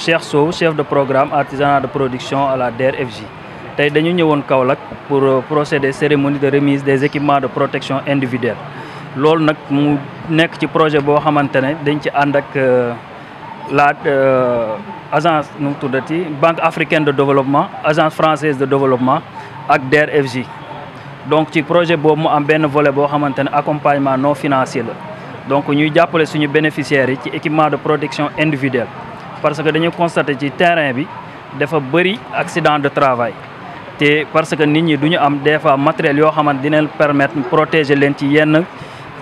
Cheikh Sow chef de programme artisanat de production à la DRFJ. Nous sommes dañu ñëwoon Kaolack pour euh, procéder cérémonie de remise des équipements de protection individuelle C'est ce mu nekk projet de dañ euh, la euh, banque africaine de développement l'agence française de développement et DRFJ. donc ce projet a mu am volet boo accompagnement non financier Nous avons ñuy jàppale suñu bénéficiaires de protection individuelle parce que nous dañu constaté le terrain bi dafa beaucoup accident de travail Et parce que nous avons am des fois qui permettent permettent protéger les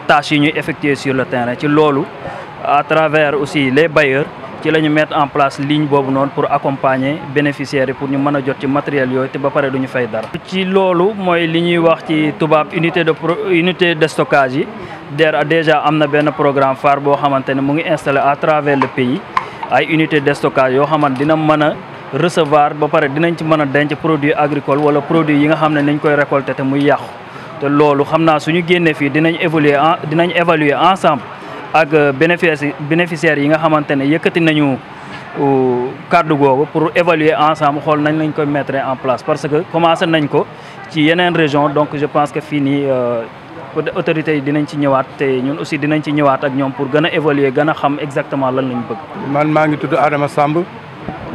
tâches qui sur le terrain ci loolu à travers aussi les bailleurs ci mettons en place ligne lignes pour accompagner les bénéficiaires et pour ñu manager a jot ci matériel yooyu te ba pare du ñu fay dara. ci unité de stockage yi déjà un programme phare travail installé à travers le pays ay unité de stockage yo xamante dina mëna recevoir ba paré dinañ ci mëna denc produit agricole wala produit yi nga xam ne nañ koy récolter té muy yàqu té lolu xamna suñu génné fi dinañ évoluer dinañ évaluer ensemble ak euh, bénéfice bénéficiaires yi nga xamante ne yëkkati nañu cadre euh, googu pour évaluer ensemble xol nañ lañ koy mettre en place parce que commencé nañ ko ci yenen région donc je pense que fini. euh, autorités yi dinañ ci ñëwaat te ñun aussi dinañ ci ñëwaat ak ñoom pour gën a évaluer gana xam exactement lan lañ bëgg. man maa ngi tudd Adama Samb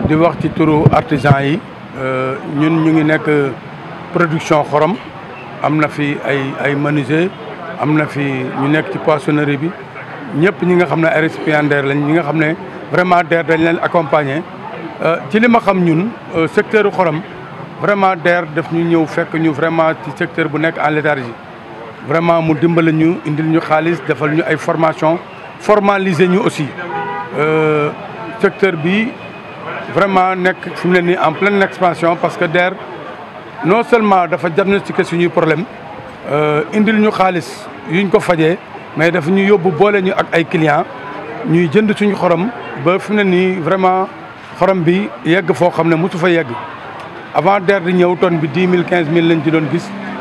di wax ci turu artisan yi euh, ñun ñu ngi nekk production xorom am na fi ay ay menuisier am na fi ñu nekk ci poissonnerie bi ñëpp ñi nga xam ne ay récipiendaires lañ ñi nga xam ne vraiment DER dañ leen accompagner euh, ci li ma xam ñun euh, secteur xorom vraiment DER def ñu ñëw fekk ñu vraiment ci secteur bu nekk en léthargie vraiment mu dimbalé ñu indil ñu ñu ay formation formaliser ñu aussi euh, secteur bi vraiment en pleine expansion parce que DER non seulement dafa diagnostiquer suñu problème euh, indil ñu yuñ ko mais ñu ak ay clients ñuy jënd suñu xorom ba vraiment bi yegg avant di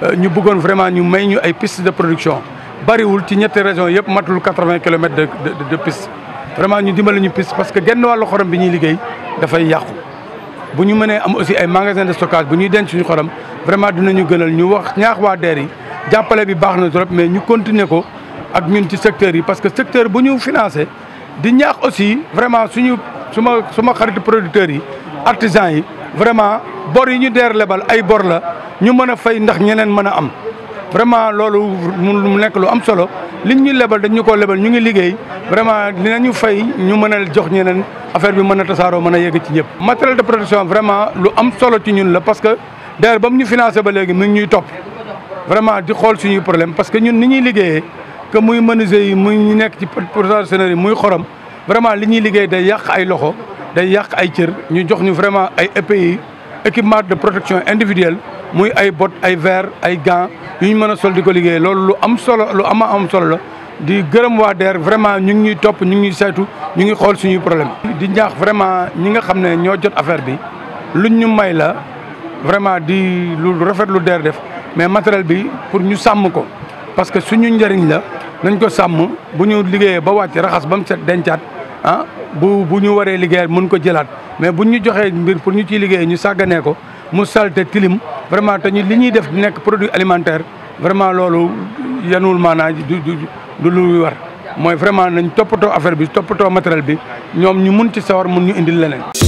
Euh, ñu bëggoon vraiment ñu may ñu ay piste de production bariwul ci ñetti région yëpp matul quatre-vingts kilomètres de de piste vraiment ñu dimbali ñu piste parce que genn wàllu xorom bi ñuy liggéey dafay yàqu bu ñu mënee am aussi ay magasin de stockage bu ñuy denc suñu xorom vraiment dinañu gënal ñu wax ñaax waa DER yi jàppale bi baax na trop mais ñu continuer ko ak ñun ci secteur yi parce que secteur bu ñu financé di ñaax aussi vraiment suñu suma suma xarit producteurs yi artisans yi vraiment bor yi ñu deer lebal ay bor la ñu mën a fay ndax ñeneen mën a am vraiment loolu mu nekk lu am solo li ñu lebal dañ ñu koo lebal ñu ngi liggéey vraiment dinañu fay ñu mën a jox ñeneen affaire bi mën a tasaaroo mën a yegg ci ñëpp. matériel de protection vraiment lu am solo ci ñun la parce que DER ba mu ñu financé ba léegi mi ñuy topp vraiment di xool si ñuy problème parce que ñun ni ñuy liggéeyee que muy menuisier yi muy ñu nekk ci pourcentage yi muy xorom vraiment li ñuy liggéey day yàq ay loxo. day yak ay cieur ñu jox ñu vraiment ay EPI équipement de protection individuelle muy ay bot ay verre ay gants yu ñu mëna sol di ko liggéey loolu lu am solo lu ama am solo la di gërëm wa DER vraiment ñu ngi top ñu ngi sétu ñu ngi xol suñu problème di ñaax vraiment ñi nga xamné ño jot affaire bi luñ ñu may la vraiment di lu rafet lu DER def mais matériel bi pour ñu sam ko parce que suñu ndariñ la nañ ko sam bu ñu liggéeyee ba wacc raxas bam set ah bu bu ñu waree liggéey mën ko jëlat mais buñ ñu joxee mbir pour ñu ci liggéey ñu sagané ko mu salté tilim vraiment te ñu li ñuy def nek produit alimentaire vraiment lolu yanul mana du du du lu war moy vraiment nañ topoto affaire bi topoto matériel bi ñom ñu mën ci sawar mën ñu indi leneen.